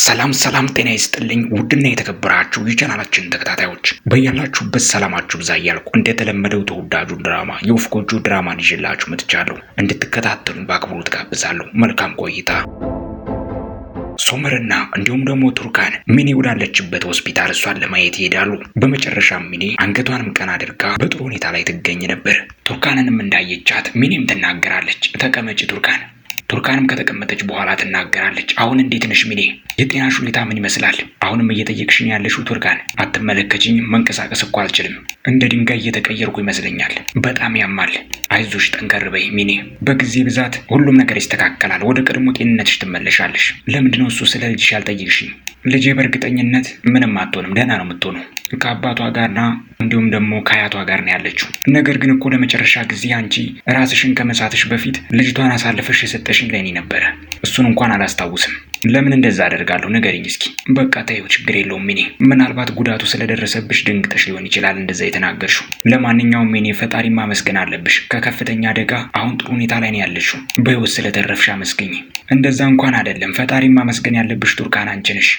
ሰላም ሰላም፣ ጤና ይስጥልኝ ውድና የተከበራችሁ የቻናላችን ተከታታዮች በያላችሁበት ሰላማችሁ ብዛ እያልኩ እንደተለመደው ተወዳጁን ድራማ የወፍ ጎጆ ድራማን ይዤላችሁ መጥቻለሁ። እንድትከታተሉን በአክብሮት ጋብዛለሁ። መልካም ቆይታ። ሶመርና እንዲሁም ደግሞ ቱርካን ሚኒ ወዳለችበት ሆስፒታል እሷን ለማየት ይሄዳሉ። በመጨረሻም ሚኔ አንገቷንም ቀና አድርጋ በጥሩ ሁኔታ ላይ ትገኝ ነበር። ቱርካንንም እንዳየቻት ሚኒም ትናገራለች፣ ተቀመጭ ቱርካን ቱርካንም ከተቀመጠች በኋላ ትናገራለች። አሁን እንዴት ነሽ ሚኔ? የጤናሽ ሁኔታ ምን ይመስላል? አሁንም እየጠየቅሽን ያለሽው ቱርካን፣ አትመለከችኝ? መንቀሳቀስ እኮ አልችልም። እንደ ድንጋይ እየተቀየርኩ ይመስለኛል። በጣም ያማል። አይዞሽ፣ ጠንከር በይ ሚኔ። በጊዜ ብዛት ሁሉም ነገር ይስተካከላል። ወደ ቀድሞ ጤንነትሽ ትመለሻለሽ። ለምንድነው እሱ ስለ ልጅሽ ያልጠየቅሽኝ? ልጄ በእርግጠኝነት ምንም አትሆንም፣ ደህና ነው የምትሆነው ከአባቷ ጋርና እንዲሁም ደግሞ ከአያቷ ጋር ነው ያለችው። ነገር ግን እኮ ለመጨረሻ ጊዜ አንቺ ራስሽን ከመሳትሽ በፊት ልጅቷን አሳልፈሽ የሰጠሽኝ ለእኔ ነበረ። እሱን እንኳን አላስታውስም። ለምን እንደዛ አደርጋለሁ? ንገሪኝ እስኪ። በቃ ተይው፣ ችግር የለውም። እኔ ምናልባት ጉዳቱ ስለደረሰብሽ ድንግጠሽ ሊሆን ይችላል እንደዛ የተናገርሽው። ለማንኛውም እኔ ፈጣሪ ማመስገን አለብሽ። ከከፍተኛ አደጋ አሁን ጥሩ ሁኔታ ላይ ነው ያለሽው። በህይወት ስለተረፍሽ አመስገኝ። እንደዛ እንኳን አይደለም። ፈጣሪ ማመስገን ያለብሽ ቱርካን አንቺ ነሽ።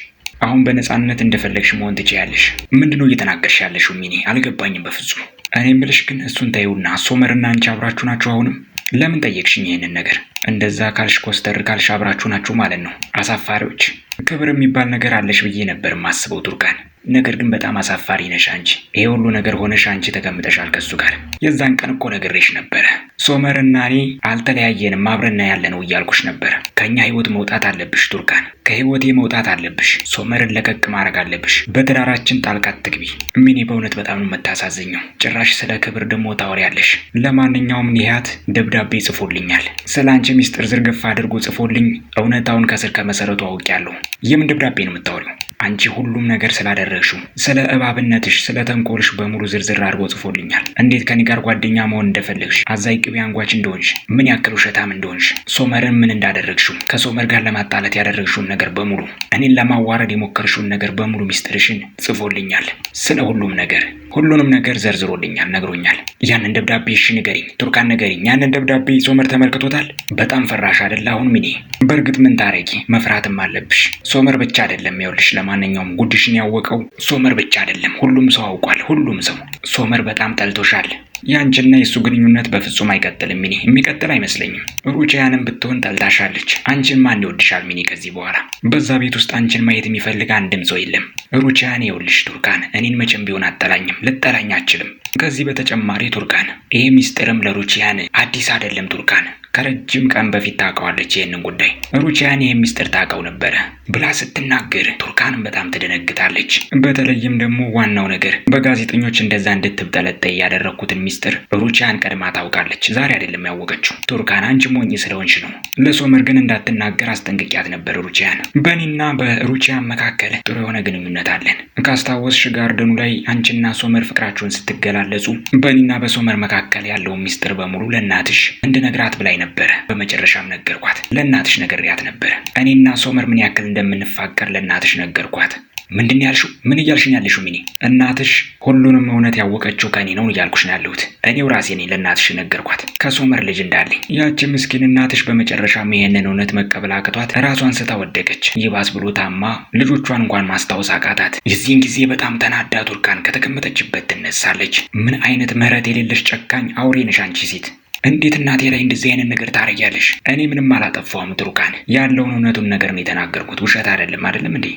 አሁን በነፃነት እንደፈለግሽ መሆን ትችያለሽ። ምንድነው እየተናገርሽ ያለሽው ሚኒ? አልገባኝም በፍጹም። እኔ እምልሽ ግን እሱን ተይውና ሶመርና አንቺ አብራችሁ ናችሁ አሁንም ለምን ጠየቅሽኝ ይህንን ነገር? እንደዛ ካልሽ ኮስተር ካልሽ አብራችሁ ናችሁ ማለት ነው። አሳፋሪዎች። ክብር የሚባል ነገር አለሽ ብዬ ነበር ማስበው ቱርካን ነገር ግን በጣም አሳፋሪ ነሽ አንቺ። ይሄ ሁሉ ነገር ሆነሽ አንቺ ተቀምጠሻል ከሱ ጋር። የዛን ቀን እኮ ነግሬሽ ነበረ፣ ሶመርና እኔ አልተለያየንም አብረና ያለ ነው እያልኩሽ ነበረ። ከእኛ ህይወት መውጣት አለብሽ ቱርካን፣ ከህይወቴ መውጣት አለብሽ። ሶመርን ለቀቅ ማድረግ አለብሽ። በትዳራችን ጣልቃት ትግቢ። እሚኔ በእውነት በጣም ነው የምታሳዝኘው። ጭራሽ ስለ ክብር ደሞ ታወሪያለሽ። ለማንኛውም ኒሃት ደብዳቤ ጽፎልኛል። ስለ አንቺ ሚስጥር ዝርግፍ አድርጎ ጽፎልኝ እውነታውን ከስር ከመሰረቱ አውቄያለሁ። የምን ደብዳቤ ነው የምታወሪው? አንቺ ሁሉም ነገር ስላደረግሽው፣ ስለ እባብነትሽ፣ ስለ ተንኮልሽ በሙሉ ዝርዝር አድርጎ ጽፎልኛል። እንዴት ከኔ ጋር ጓደኛ መሆን እንደፈለግሽ፣ አዛይ ቅቤ አንጓች እንደሆንሽ፣ ምን ያክል ውሸታም እንደሆንሽ፣ ሶመርን ምን እንዳደረግሽው፣ ከሶመር ጋር ለማጣላት ያደረግሽውን ነገር በሙሉ፣ እኔን ለማዋረድ የሞከርሽውን ነገር በሙሉ ሚስጥርሽን ጽፎልኛል ስለ ሁሉም ነገር ሁሉንም ነገር ዘርዝሮልኛል፣ ነግሮኛል። ያንን ደብዳቤ እሺ ንገሪኝ፣ ቱርካን ንገሪኝ። ያንን ደብዳቤ ሶመር ተመልክቶታል። በጣም ፈራሽ አደለ አሁን ሚኔ፣ በእርግጥ ምን ታረጊ፣ መፍራትም አለብሽ። ሶመር ብቻ አይደለም። ይኸውልሽ፣ ለማንኛውም ጉድሽን ያወቀው ሶመር ብቻ አይደለም፣ ሁሉም ሰው አውቋል። ሁሉም ሰው ሶመር በጣም ጠልቶሻል። የአንቺና የእሱ ግንኙነት በፍጹም አይቀጥልም ሚኒ፣ የሚቀጥል አይመስለኝም። ሩቺያንም ብትሆን ጠልታሻለች። አንቺን ማን ይወድሻል ሚኒ? ከዚህ በኋላ በዛ ቤት ውስጥ አንቺን ማየት የሚፈልግ አንድም ሰው የለም። ሩቺያን፣ የውልሽ ቱርካን፣ እኔን መቼም ቢሆን አጠላኝም፣ ልጠላኝ አችልም። ከዚህ በተጨማሪ ቱርካን ይህ ሚስጥርም ለሩቺያን አዲስ አይደለም። ቱርካን ከረጅም ቀን በፊት ታውቀዋለች ይህንን ጉዳይ። ሩቺያን ይህ ሚስጥር ታውቀው ነበረ ብላ ስትናገር ቱርካንም በጣም ትደነግጣለች። በተለይም ደግሞ ዋናው ነገር በጋዜጠኞች እንደዛ እንድትብጠለጠይ ያደረግኩትን ሚስጥር ሩቺያን ቀድማ ታውቃለች። ዛሬ አይደለም ያወቀችው። ቱርካን አንቺ ሞኝ ስለሆንሽ ነው። ለሶመር ግን እንዳትናገር አስጠንቅቂያት ነበር ሩቺያን። በእኔና በሩቺያን መካከል ጥሩ የሆነ ግንኙነት አለን። ካስታወስሽ ጋርደኑ ላይ አንቺና ሶመር ፍቅራችሁን ስትገላ እየተገላለጹ በእኔና በሶመር መካከል ያለውን ሚስጥር በሙሉ ለእናትሽ እንድነግራት ብላኝ ነበረ። በመጨረሻም ነገርኳት። ለእናትሽ ነገርያት ነበረ። እኔና ሶመር ምን ያክል እንደምንፋቀር ለእናትሽ ነገርኳት። ምንድን ያልሽው? ምን እያልሽኝ ያለሽው? ሚኒ እናትሽ ሁሉንም እውነት ያወቀችው ከኔ ነው እያልኩሽ ነው ያለሁት። እኔው ራሴ ነኝ ለእናትሽ ነገርኳት ከሶመር ልጅ እንዳለኝ። ያቺ ምስኪን እናትሽ በመጨረሻም ይሄንን እውነት መቀበል አቅቷት ራሷን ስታ ወደቀች። ይባስ ብሎ ታማ ልጆቿን እንኳን ማስታወስ አቃታት። የዚህን ጊዜ በጣም ተናዳ ቱርካን ከተቀመጠችበት ትነሳለች። ምን አይነት ምህረት የሌለሽ ጨካኝ አውሬ ነሽ አንቺ ሴት! እንዴት እናቴ ላይ እንደዚህ አይነት ነገር ታረጊያለሽ? እኔ ምንም አላጠፋሁም ቱርካን። ያለውን እውነቱን ነገር ነው የተናገርኩት። ውሸት አይደለም አይደለም እንዴ?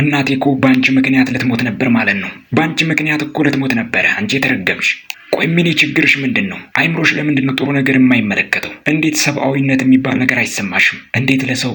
እናቴ እኮ በአንቺ ምክንያት ልትሞት ነበር ማለት ነው። በአንቺ ምክንያት እኮ ልትሞት ነበረ። አንቺ የተረገምሽ። ቆይ ምን ችግርሽ ምንድን ነው? አይምሮሽ ለምንድን ነው ጥሩ ነገር የማይመለከተው? እንዴት ሰብአዊነት የሚባል ነገር አይሰማሽም? እንዴት ለሰው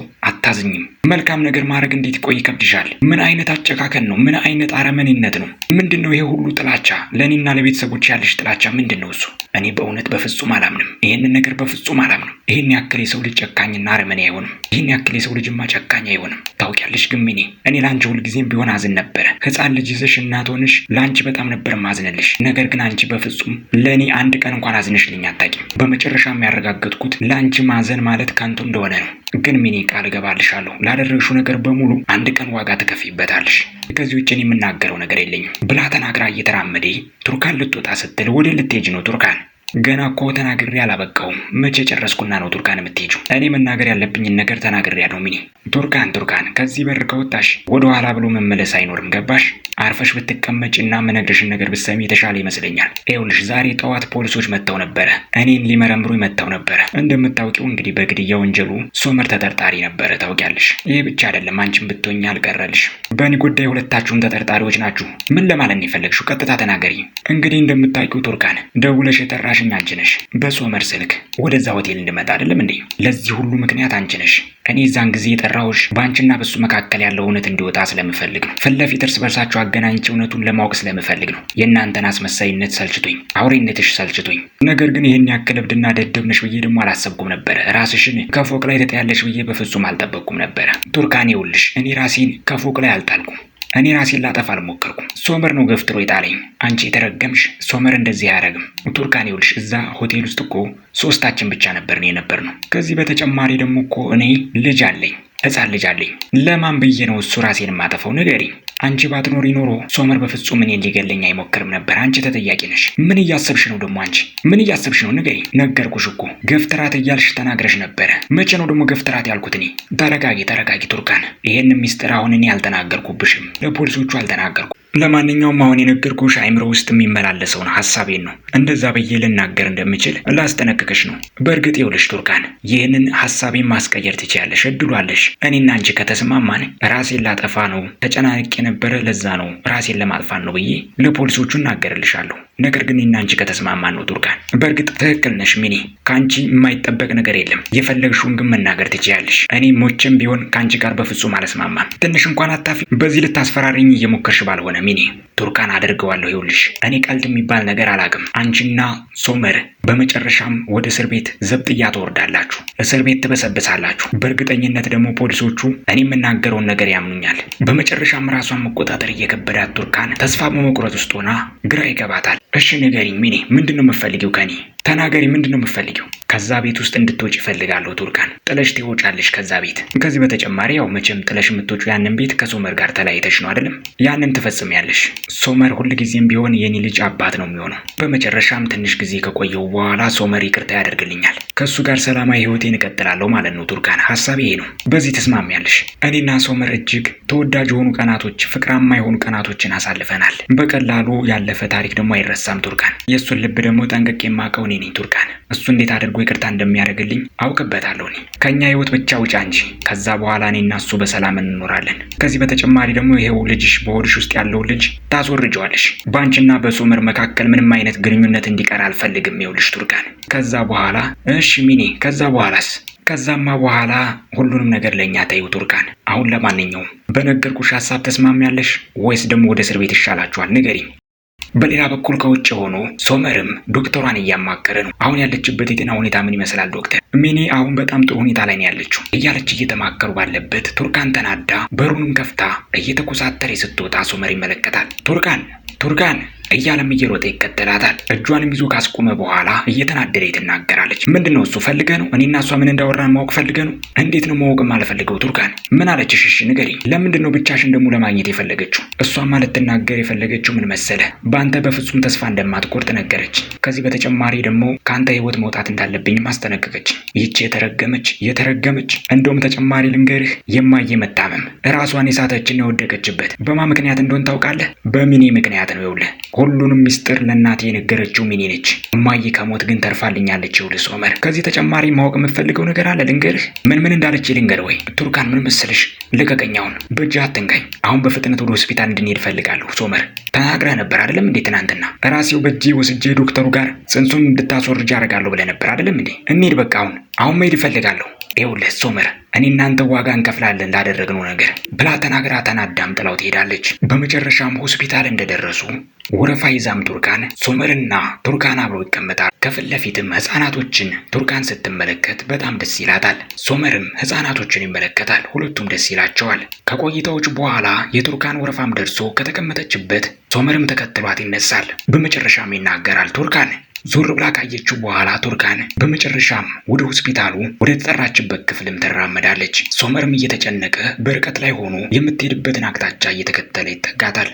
አታዝኝም። መልካም ነገር ማድረግ እንዴት ቆይ ይከብድሻል? ምን አይነት አጨካከን ነው? ምን አይነት አረመኔነት ነው? ምንድን ነው ይሄ ሁሉ ጥላቻ? ለእኔና ለቤተሰቦች ያለሽ ጥላቻ ምንድን ነው እሱ? እኔ በእውነት በፍጹም አላምንም። ይህንን ነገር በፍጹም አላምንም። ይህን ያክል የሰው ልጅ ጨካኝና አረመኔ አይሆንም። ይህን ያክል የሰው ልጅማ ጨካኝ አይሆንም። ታውቂያለሽ ግሚኔ፣ እኔ ለአንቺ ሁልጊዜም ቢሆን አዝን ነበረ። ሕፃን ልጅ ይዘሽ እናት ሆንሽ ለአንቺ በጣም ነበር ማዝንልሽ። ነገር ግን አንቺ በፍጹም ለእኔ አንድ ቀን እንኳን አዝንሽልኝ አታውቂም። በመጨረሻ የሚያረጋገጥኩት ለአንቺ ማዘን ማለት ከንቱ እንደሆነ ነው። ግን ሚኒ ቃል እገባልሻለሁ ላደረግሽው ነገር በሙሉ አንድ ቀን ዋጋ ትከፊበታለሽ። ከዚህ ውጭ የምናገረው ነገር የለኝም ብላ ተናግራ እየተራመደ ቱርካን ልትወጣ ስትል ወደ ልትሄጂ ነው ቱርካን ገና እኮ ተናግሬ አላበቃውም። መቼ ጨረስኩና ነው ቱርካን የምትሄጂው? እኔ መናገር ያለብኝን ነገር ተናግሬ ያለው ሚኒ። ቱርካን ቱርካን፣ ከዚህ በር ከወጣሽ ወደ ኋላ ብሎ መመለስ አይኖርም። ገባሽ? አርፈሽ ብትቀመጭና መነግርሽን ነገር ብትሰሚ የተሻለ ይመስለኛል። ይኸውልሽ ዛሬ ጠዋት ፖሊሶች መጥተው ነበረ፣ እኔን ሊመረምሩ መጥተው ነበረ። እንደምታውቂው እንግዲህ በግድያ ወንጀሉ ሶመር ተጠርጣሪ ነበረ፣ ታውቂያለሽ። ይህ ብቻ አይደለም፣ አንቺም ብትሆኝ አልቀረልሽ። በእኔ ጉዳይ ሁለታችሁም ተጠርጣሪዎች ናችሁ። ምን ለማለት ነው የፈለግሽው? ቀጥታ ተናገሪ። እንግዲህ እንደምታውቂው ቱርካን፣ ደውለሽ የጠራሽ ያደረግሽኝ አንቺ ነሽ። በሶመር ስልክ ወደዛ ሆቴል እንድመጣ አይደለም እንዴ? ለዚህ ሁሉ ምክንያት አንቺ ነሽ። እኔ እዛን ጊዜ የጠራውሽ በአንቺና በሱ መካከል ያለው እውነት እንዲወጣ ስለምፈልግ ነው። ፊት እርስ በርሳቸው አገናኝቼ እውነቱን ለማወቅ ስለምፈልግ ነው። የእናንተን አስመሳይነት ሰልችቶኝ፣ አውሬነትሽ ሰልችቶኝ። ነገር ግን ይህን ያክል እብድና ደደብ ነሽ ብዬ ደግሞ አላሰብኩም ነበረ። ራስሽን ከፎቅ ላይ ትጣያለሽ ብዬ በፍጹም አልጠበቅኩም ነበረ። ቱርካን፣ ይኸውልሽ እኔ ራሴን ከፎቅ ላይ አልጣልኩም። እኔ ራሴን ላጠፋ አልሞከርኩም። ሶመር ነው ገፍትሮ የጣለኝ። አንቺ የተረገምሽ፣ ሶመር እንደዚህ አያረግም። ቱርካን ይኸውልሽ፣ እዛ ሆቴል ውስጥ እኮ ሶስታችን ብቻ ነበርን የነበር ነው። ከዚህ በተጨማሪ ደግሞ እኮ እኔ ልጅ አለኝ፣ ህፃን ልጅ አለኝ። ለማን ብዬ ነው እሱ ራሴን የማጠፋው? ንገሪኝ። አንቺ ባትኖሪ ኖሮ ሶመር በፍጹም እኔን ሊገለኝ አይሞክርም ነበር። አንቺ ተጠያቂ ነሽ። ምን እያሰብሽ ነው ደግሞ? አንቺ ምን እያሰብሽ ነው? ንገሪ። ነገርኩሽ እኮ ገፍትራት እያልሽ ተናግረሽ ነበረ። መቼ ነው ደግሞ ገፍትራት ያልኩት እኔ? ተረጋጊ፣ ተረጋጊ ቱርካን። ይሄን ሚስጥር አሁን እኔ አልተናገርኩብሽም፣ ለፖሊሶቹ አልተናገርኩ ለማንኛውም አሁን የነገርኩሽ አይምሮ ውስጥ የሚመላለሰውን ሀሳቤን ነው። እንደዛ ብዬ ልናገር እንደምችል ላስጠነቅቅሽ ነው። በእርግጥ ይኸውልሽ ቱርካን፣ ይህንን ሀሳቤን ማስቀየር ትችያለሽ፣ እድሉ አለሽ። እኔና አንቺ ከተስማማን ራሴን ላጠፋ ነው ተጨናንቄ የነበረ ለዛ ነው ራሴን ለማጥፋን ነው ብዬ ለፖሊሶቹ እናገርልሻለሁ። ነገር ግን እኔና አንቺ ከተስማማን ነው ቱርካን። በእርግጥ ትክክል ነሽ ሚኒ፣ ከአንቺ የማይጠበቅ ነገር የለም። የፈለግሽውን ግን መናገር ትችያለሽ። እኔ ሞቼም ቢሆን ከአንቺ ጋር በፍጹም አልስማማም። ትንሽ እንኳን አታፊ በዚህ ልታስፈራሪኝ እየሞከርሽ ባልሆነ አልሰማም። ቱርካን አደርገዋለሁ። ይኸውልሽ እኔ ቀልድ የሚባል ነገር አላውቅም። አንቺና ሶመር በመጨረሻም ወደ እስር ቤት ዘብጥያ ትወርዳላችሁ፣ እስር ቤት ትበሰብሳላችሁ። በእርግጠኝነት ደግሞ ፖሊሶቹ እኔ የምናገረውን ነገር ያምኑኛል። በመጨረሻም ራሷን መቆጣጠር እየከበዳት ቱርካን ተስፋ በመቁረጥ ውስጥ ሆና ግራ ይገባታል። እሺ ንገሪኝ ሚኔ፣ ምንድን ነው የምትፈልጊው ከኔ? ተናገሪ፣ ምንድን ነው የምትፈልጊው? ከዛ ቤት ውስጥ እንድትወጪ ይፈልጋለሁ ቱርካን ጥለሽ ትወጫለሽ ከዛ ቤት። ከዚህ በተጨማሪ ያው መቼም ጥለሽ የምትወጪው ያንን ቤት ከሶመር ጋር ተለያይተሽ ነው አይደለም? ያንን ትፈጽሚያለሽ። ሶመር ሁልጊዜም ቢሆን የኔ ልጅ አባት ነው የሚሆነው። በመጨረሻም ትንሽ ጊዜ ከቆየው በኋላ ሶመር ይቅርታ ያደርግልኛል፣ ከእሱ ጋር ሰላማዊ ህይወቴን እቀጥላለሁ ማለት ነው። ቱርካን ሀሳቤ ይሄ ነው። በዚህ ትስማሚያለሽ? እኔና ሶመር እጅግ ተወዳጅ የሆኑ ቀናቶች፣ ፍቅራማ የሆኑ ቀናቶችን አሳልፈናል። በቀላሉ ያለፈ ታሪክ ደግሞ አይረሳም ቱርካን። የእሱን ልብ ደግሞ ጠንቅቄ የማውቀውን እኔ ነኝ ቱርካን። እሱ እንዴት አድርጎ ይቅርታ እንደሚያደርግልኝ አውቅበታለሁ። እኔ ከእኛ ህይወት ብቻ ውጫ እንጂ ከዛ በኋላ እና እሱ በሰላም እንኖራለን። ከዚህ በተጨማሪ ደግሞ ይሄው ልጅሽ በሆድሽ ውስጥ ያለው ልጅ ታስወርጀዋለሽ። በአንቺና በሶመር መካከል ምንም አይነት ግንኙነት እንዲቀር አልፈልግም። ይኸውልሽ ቱርካን፣ ከዛ በኋላ እሺ ሚኔ፣ ከዛ በኋላስ? ከዛማ በኋላ ሁሉንም ነገር ለእኛ ተይው ቱርካን። አሁን ለማንኛውም በነገርኩሽ ሀሳብ ተስማሚያለሽ ወይስ ደግሞ ወደ እስር ቤት ይሻላችኋል? ንገሪኝ። በሌላ በኩል ከውጭ ሆኖ ሶመርም ዶክተሯን እያማከረ ነው። አሁን ያለችበት የጤና ሁኔታ ምን ይመስላል ዶክተር? ሚኒ አሁን በጣም ጥሩ ሁኔታ ላይ ነው ያለችው እያለች እየተማከሩ ባለበት ቱርካን ተናዳ በሩንም ከፍታ እየተኮሳተረ ስትወጣ ሶመር ይመለከታል። ቱርካን ቱርካን እያለም እየሮጠ ይከተላታል። እጇንም ይዞ ካስቆመ በኋላ እየተናደደ ትናገራለች። ምንድን ነው እሱ ፈልገ ነው? እኔና እሷ ምን እንዳወራን ማወቅ ፈልገ ነው? እንዴት ነው ማወቅ የማልፈልገው? ቱርካን ምን አለች? እሺ ንገሪ። ለምንድን ነው ብቻሽን ደግሞ ለማግኘት የፈለገችው? እሷማ ልትናገር የፈለገችው ምን መሰለ፣ በአንተ በፍጹም ተስፋ እንደማትቆርጥ ነገረች። ከዚህ በተጨማሪ ደግሞ ከአንተ ህይወት መውጣት እንዳለብኝም አስጠነቀቀች። ይቺ የተረገመች የተረገመች እንደውም ተጨማሪ ልንገርህ፣ የማየ መታመም ራሷን የሳተችን የወደቀችበት በማ ምክንያት እንደሆን ታውቃለህ? በሚኔ ምክንያት ነው ይውልህ ሁሉንም ሚስጥር ለእናቴ የነገረችው ሚኒ ነች። እማዬ ከሞት ግን ተርፋልኛለች። ይኸውልህ ሶመር፣ ከዚህ ተጨማሪ ማወቅ የምፈልገው ነገር አለ ልንገርህ። ምን ምን እንዳለች ልንገር ወይ? ቱርካን ምን መሰለሽ፣ ልቀቀኛውን አሁን በእጅህ አትንካኝ። አሁን በፍጥነት ወደ ሆስፒታል እንድንሄድ እፈልጋለሁ። ሶመር፣ ተናግረህ ነበር አይደለም እንዴ? ትናንትና ራሴው በእጄ ወስጄ ዶክተሩ ጋር ጽንሱን እንድታስወርጅ አደርጋለሁ ብለህ ነበር አይደለም እንዴ? እንሄድ በቃ አሁን አሁን መሄድ እፈልጋለሁ። ይኸውልህ ሶመር፣ እኔ እናንተ ዋጋ እንከፍላለን ላደረግነው ነገር ብላ ተናግራ ተናዳም ጥላው ትሄዳለች። በመጨረሻም ሆስፒታል እንደደረሱ ወረፋ ይዛም ቱርካን ሶመርና ቱርካን አብረው ይቀመጣል። ከፊት ለፊትም ህፃናቶችን ቱርካን ስትመለከት በጣም ደስ ይላታል። ሶመርም ህፃናቶችን ይመለከታል። ሁለቱም ደስ ይላቸዋል። ከቆይታዎች በኋላ የቱርካን ወረፋም ደርሶ ከተቀመጠችበት ሶመርም ተከትሏት ይነሳል። በመጨረሻም ይናገራል ቱርካን ዞር ብላ ካየችው በኋላ ቱርካን በመጨረሻም ወደ ሆስፒታሉ ወደ ተጠራችበት ክፍልም ትራመዳለች። ሶመርም እየተጨነቀ በርቀት ላይ ሆኖ የምትሄድበትን አቅጣጫ እየተከተለ ይጠጋታል።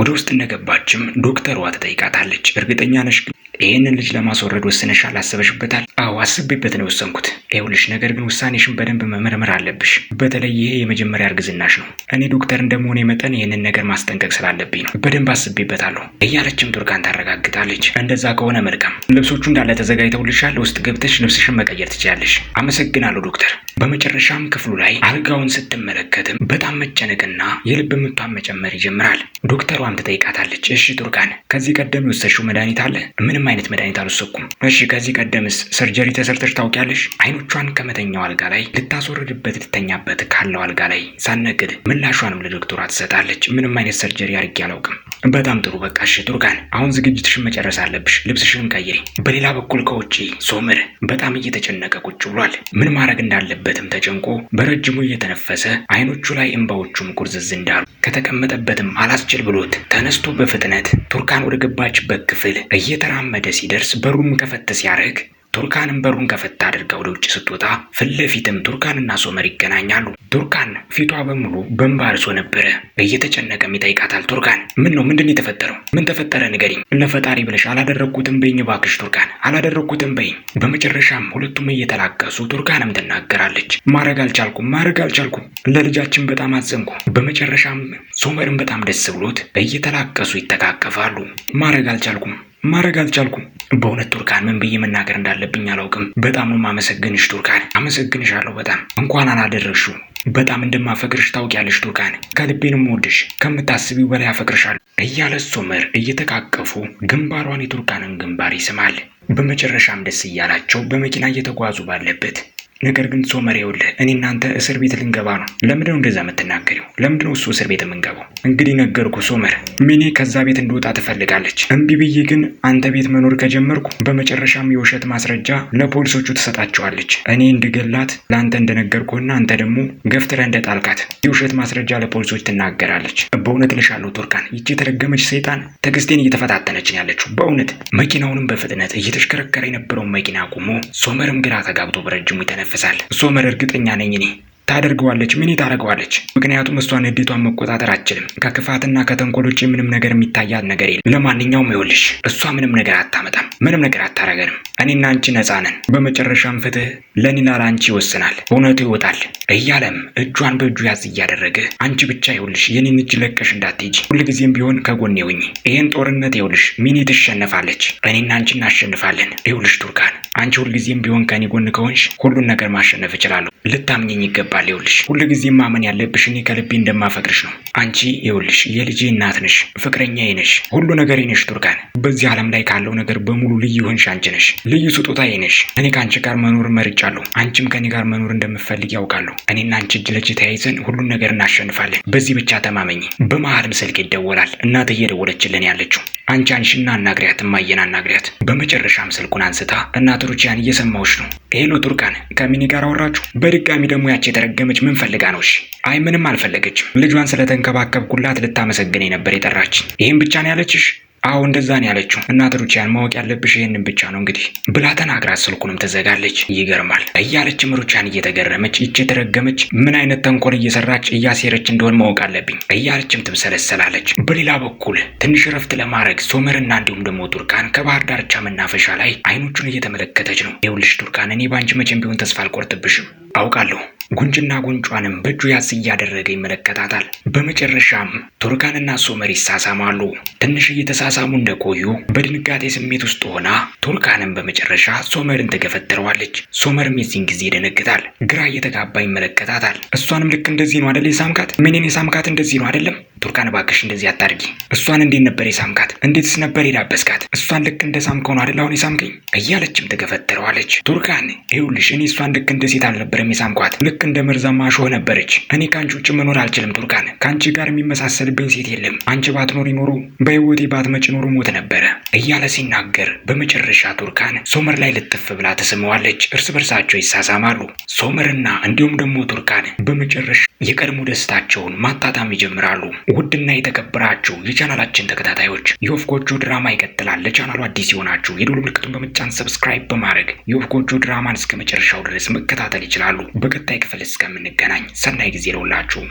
ወደ ውስጥ እንደገባችም ዶክተሯ ትጠይቃታለች። እርግጠኛ ነሽ ይህንን ልጅ ለማስወረድ ወስነሽ አላሰበሽበታል? አዎ አስቤበት ነው የወሰንኩት። ይኸውልሽ፣ ነገር ግን ውሳኔሽን በደንብ መመርመር አለብሽ። በተለይ ይሄ የመጀመሪያ እርግዝናሽ ነው። እኔ ዶክተር እንደመሆኔ መጠን ይህንን ነገር ማስጠንቀቅ ስላለብኝ ነው። በደንብ አስቤበታለሁ እያለችም ቱርካን ታረጋግጣለች። እንደዛ ከሆነ መልካም፣ ልብሶቹ እንዳለ ተዘጋጅተውልሻል። ውስጥ ገብተሽ ልብስሽን መቀየር ትችላለሽ። አመሰግናለሁ ዶክተር። በመጨረሻም ክፍሉ ላይ አልጋውን ስትመለከትም በጣም መጨነቅና የልብ ምቷን መጨመር ይጀምራል ዶክተር ጨዋም ትጠይቃታለች። እሺ ቱርካን፣ ከዚህ ቀደም የወሰድሽው መድኃኒት አለ? ምንም አይነት መድኃኒት አልወሰድኩም። እሺ፣ ከዚህ ቀደምስ ሰርጀሪ ተሰርተሽ ታውቂያለሽ? አይኖቿን ከመተኛው አልጋ ላይ ልታስወርድበት ልተኛበት ካለው አልጋ ላይ ሳነግድ ምላሿንም ለዶክተሯ ትሰጣለች። ምንም አይነት ሰርጀሪ አድርጌ አላውቅም። በጣም ጥሩ በቃ እሺ ቱርካን፣ አሁን ዝግጅትሽን መጨረስ አለብሽ። ልብስሽንም ቀይሪ። በሌላ በኩል ከውጪ ሶምር በጣም እየተጨነቀ ቁጭ ብሏል። ምን ማድረግ እንዳለበትም ተጨንቆ በረጅሙ እየተነፈሰ አይኖቹ ላይ እንባዎቹም ቁርዝዝ እንዳሉ ከተቀመጠበትም አላስችል ብሎት ሲሉት ተነስቶ በፍጥነት ቱርካን ወደ ገባችበት ክፍል እየተራመደ ሲደርስ በሩም ከፈት ሲያደርግ ቱርካንም በሩን ከፈታ አድርጋ ወደ ውጭ ስትወጣ ፊት ቱርካንና ሶመር ይገናኛሉ። ቱርካን ፊቷ በሙሉ በንባርሶ አርሶ ነበረ። እየተጨነቀም ይጠይቃታል። ቱርካን ምን ነው? ምንድን የተፈጠረው? ምን ተፈጠረ? ንገሪኝ። ለፈጣሪ ብለሽ አላደረግኩትም በይኝ እባክሽ ቱርካን፣ አላደረግኩትም በይኝ። በመጨረሻም ሁለቱም እየተላቀሱ ቱርካንም ትናገራለች። ማድረግ አልቻልኩም፣ ማድረግ አልቻልኩም። ለልጃችን በጣም አዘንኩ። በመጨረሻም ሶመርም በጣም ደስ ብሎት እየተላቀሱ ይተቃቀፋሉ። ማድረግ አልቻልኩም ማድረግ አልቻልኩም። በእውነት ቱርካን ምን ብዬ መናገር እንዳለብኝ አላውቅም። በጣም ነው ማመሰግንሽ ቱርካን፣ አመሰግንሻለሁ። በጣም እንኳን አላደረግሽው። በጣም እንደማፈቅርሽ ታውቂያለሽ ቱርካን፣ ከልቤንም ወድሽ ከምታስቢው በላይ አፈቅርሻለሁ እያለ ሶመር እየተቃቀፉ ግንባሯን የቱርካንን ግንባር ይስማል። በመጨረሻም ደስ እያላቸው በመኪና እየተጓዙ ባለበት ነገር ግን ሶመር ይኸውልህ፣ እኔ እናንተ እስር ቤት ልንገባ ነው። ለምንድነው እንደዛ የምትናገሪው? ለምንድነው እሱ እስር ቤት የምንገባው? እንግዲህ ነገርኩ ሶመር፣ ሚኔ ከዛ ቤት እንደወጣ ትፈልጋለች። እምቢ ብዬ ግን አንተ ቤት መኖር ከጀመርኩ በመጨረሻም የውሸት ማስረጃ ለፖሊሶቹ ትሰጣቸዋለች። እኔ እንድገላት ለአንተ እንደነገርኩና አንተ ደግሞ ገፍትረ እንደጣልካት የውሸት ማስረጃ ለፖሊሶች ትናገራለች። በእውነት ልሻለሁ ቱርካን፣ ይቺ የተረገመች ሰይጣን ትዕግስቴን እየተፈታተነች ያለችው። በእውነት መኪናውንም በፍጥነት እየተሽከረከረ የነበረውን መኪና አቁሞ ሶመርም ግራ ተጋብቶ በረጅሙ የተነፈ ይተነፍሳል። እሱም እርግጠኛ ነኝ እኔ ታደርገዋለች። ምን ታደርገዋለች? ምክንያቱም እሷን ንዴቷን መቆጣጠር አችልም። ከክፋትና ከተንኮል ውጭ ምንም ነገር የሚታያት ነገር የለም። ለማንኛውም ይኸውልሽ እሷ ምንም ነገር አታመጣም፣ ምንም ነገር አታረገንም። እኔና አንቺ ነፃ ነን። በመጨረሻም ፍትህ ለኔና ለአንቺ ይወስናል፣ እውነቱ ይወጣል እያለም እጇን በእጁ ያዝ እያደረገ አንቺ ብቻ ይኸውልሽ የኔን እጅ ለቀሽ እንዳትሄጂ፣ ሁልጊዜም ቢሆን ከጎኔ ሁኚ። ይህን ጦርነት ይኸውልሽ ሚኒ ትሸነፋለች፣ እኔና አንቺ እናሸንፋለን። ይኸውልሽ ቱርካን አንቺ ሁልጊዜም ቢሆን ከኔ ጎን ከሆንሽ ሁሉን ነገር ማሸነፍ እችላለሁ። ልታምኘኝ ይገባል። ይገባል። ይኸውልሽ ጊዜ ማመን ያለብሽ እኔ ከልቤ እንደማፈቅርሽ ነው። አንቺ ይኸውልሽ የልጄ እናት ነሽ፣ ፍቅረኛዬ ነሽ፣ ሁሉ ነገሬ ነሽ። ቱርካን በዚህ ዓለም ላይ ካለው ነገር በሙሉ ልዩ ሆንሽ አንቺ ነሽ። ልዩ ስጦታዬ ነሽ። እኔ ከአንቺ ጋር መኖር መርጫለሁ። አንቺም ከእኔ ጋር መኖር እንደምፈልግ ያውቃለሁ። እኔና አንቺ እጅ ለእጅ ተያይዘን ሁሉን ነገር እናሸንፋለን። በዚህ ብቻ ተማመኝ። በመሀልም ስልክ ይደወላል። እናት እየደወለችልን ያለችው አንቺ አንሽና አናግሪያት፣ እማዬን አናግሪያት። በመጨረሻም ስልኩን አንስታ እናት ሩቺያን እየሰማሁሽ ነው። ሄሎ ቱርካን፣ ከሚኒ ጋር አወራችሁ? በድጋሚ ደግሞ ያቼ እየተረገመች ምን ፈልጋ ነው? እሺ አይ ምንም አልፈለገችም። ልጇን ስለተንከባከብኩላት ልታመሰግነኝ ነበር የጠራችኝ። ይህም ብቻ ነው ያለችሽ? አዎ እንደዛ ነው ያለችው። እናት ሩቺያን ማወቅ ያለብሽ ይህንን ብቻ ነው እንግዲህ ብላ ተናግራ ስልኩንም ትዘጋለች። ይገርማል እያለችም ሩቺያን እየተገረመች ይች የተረገመች ምን አይነት ተንኮል እየሰራች እያሴረች እንደሆን ማወቅ አለብኝ እያለችም ትምሰለሰላለች። በሌላ በኩል ትንሽ እረፍት ለማድረግ ሶመርና እንዲሁም ደግሞ ቱርካን ከባህር ዳርቻ መናፈሻ ላይ አይኖቹን እየተመለከተች ነው። ይኸውልሽ ቱርካን፣ እኔ ባንች መቼም ቢሆን ተስፋ አልቆርጥብሽም አውቃለሁ ጉንጭና ጉንጯንም በእጁ ያዝ እያደረገ ይመለከታታል። በመጨረሻም ቱርካንና ሶመር ይሳሳማሉ። ትንሽ እየተሳሳሙ እንደቆዩ በድንጋጤ ስሜት ውስጥ ሆና ቱርካንም በመጨረሻ ሶመርን ትገፈትረዋለች። ሶመርም የዚህን ጊዜ ይደነግጣል። ግራ እየተጋባ ይመለከታታል። እሷንም ልክ እንደዚህ ነው አደለ የሳምካት? ምንን የሳምካት እንደዚህ ነው አይደለም ቱርካን እባክሽ እንደዚህ አታድርጊ። እሷን እንዴት ነበር የሳምካት? እንዴትስ ነበር የዳበስካት? እሷን ልክ እንደ ሳምከው ነው አይደል አሁን የሳምከኝ? እያለችም ትገፈትረዋለች። ቱርካን ይኸውልሽ፣ እኔ እሷን ልክ እንደ ሴት አልነበረም የሳምኳት፣ ልክ እንደ መርዛማ እሾህ ነበረች። እኔ ከአንቺ ውጭ መኖር አልችልም ቱርካን። ከአንቺ ጋር የሚመሳሰልብኝ ሴት የለም። አንቺ ባትኖሪ ኖሮ በሕይወቴ ባትመጪ ኖሮ ሞት ነበረ እያለ ሲናገር፣ በመጨረሻ ቱርካን ሶመር ላይ ልጥፍ ብላ ትስመዋለች። እርስ በርሳቸው ይሳሳማሉ። ሶመርና እንዲሁም ደግሞ ቱርካን በመጨረሻ የቀድሞ ደስታቸውን ማጣጣም ይጀምራሉ። ውድና የተከበራችሁ የቻናላችን ተከታታዮች የወፍ ጎጆ ድራማ ይቀጥላል። ለቻናሉ አዲስ የሆናችሁ የደወል ምልክቱን በመጫን ሰብስክራይብ በማድረግ የወፍ ጎጆ ድራማን እስከ መጨረሻው ድረስ መከታተል ይችላሉ። በቀጣይ ክፍል እስከምንገናኝ ሰናይ ጊዜ ለውላችሁ።